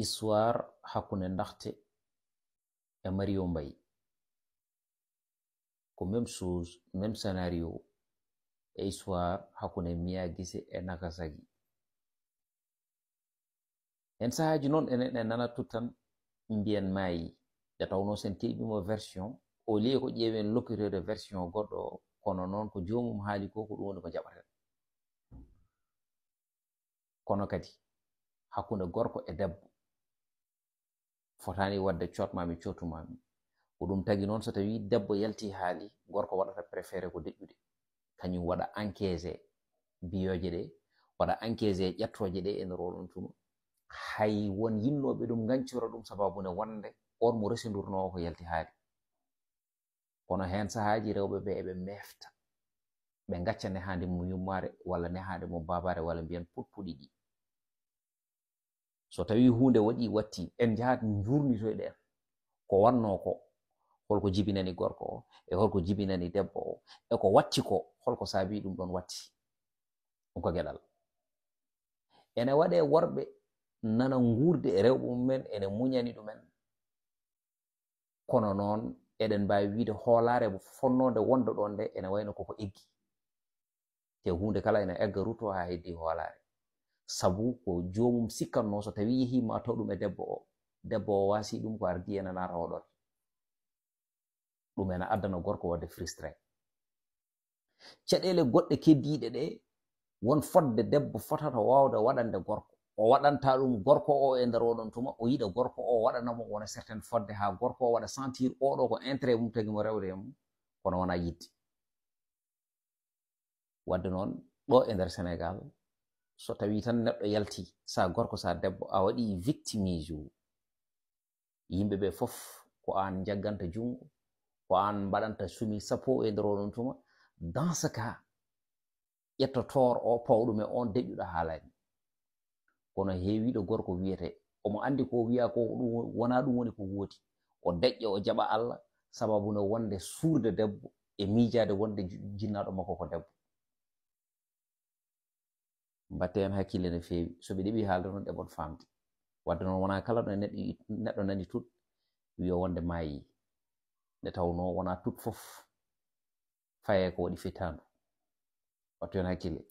histoire hakkunde dakte e mario mbayi ko même chose même scénario e histoire hakkunde miya gise e nakasagi en sahaji noon enen en nana tutan mbiyen maayi nde tawno sen teɓimo version o liye ko ƴeewen locuteur de version goɗɗo kono noon ko joomum haali ko ko ɗum woni ko jaɓaten kono kadi hakkunde gorko e debbo fotani wadde cotmami cotumami ko ɗum tagi noon so tawi debbo yalti haali gorko waɗata préféré ko deƴƴude kañum waɗa enquése biyoje ɗe waɗa enquése ƴettoje ɗe ender oɗon tuma hay won yinnoɓe ɗum gancora ɗum sababune wonde on mo residurnowo ko yalti haali kono hen sahaji rewɓe ɓe eɓe mefta ɓe gacca ne hande mo yummare walla ne hande mo babare walla mbiyan putpuɗiɗi so tawi hunde waɗi watti en jahat jurnitoy ɗen ko wanno ko holko jibinani gorko o e holko jibinani debbo o e ko watti ko holko saabi ɗum ɗon watti ɗum ko geɗal ene waɗe worɓe nana gurde e rewɓe mumen ene muñani ɗumen kono noon eɗen mbawi wiide hoolare fonnode wonda ɗon nde ene wayno koko eggi te hunde kala ene egga ruto ha heddi hoolare sabu ko jomum sikkanno so tawi yehi mataw ɗum e debbo o debbo o wasi ɗum ko ardi enana rawɗon ɗum ena addana gorko wadde fristre caɗele goɗɗe keddiɗe ɗe won fodde debbo fotata wawde waɗande gorko o waɗanta ɗum gorko o e nder oɗon tuma o yiɗa gorko o waɗanamo wona certaine fodde ha gorko o waɗa sentir oɗo ko intérêt mum tagimo rewde mum kono wona yidde wadde noon ɗo e nder sénégal so tawi tan neɗɗo yalti sa gorko sa debbo a waɗi victimise u yimɓe ɓe fof ko an jagganta junngo ko an mbaɗanta sumi sappo e nder oɗon tuma dans ce cas ƴettotor o pawɗum e on deƴƴuɗo haalani kono heewiɗo gorko wiyete omo andi ko wiya ko ɗum wona ɗum woni ko wooti o deƴƴa o jaɓa allah sababu no wonde suurde debbo e miijade wonde jinnaɗo makko ko debbo mbatta hen hakkille no fewi soɓe ɗeɓi haalde noon ɗeɓon famde wadde noon wona kala ɗo e neɗɗo nani tut wiya wonde mayi nde tawno wona tut foof faye ko waɗi fettandu watto hen hakkille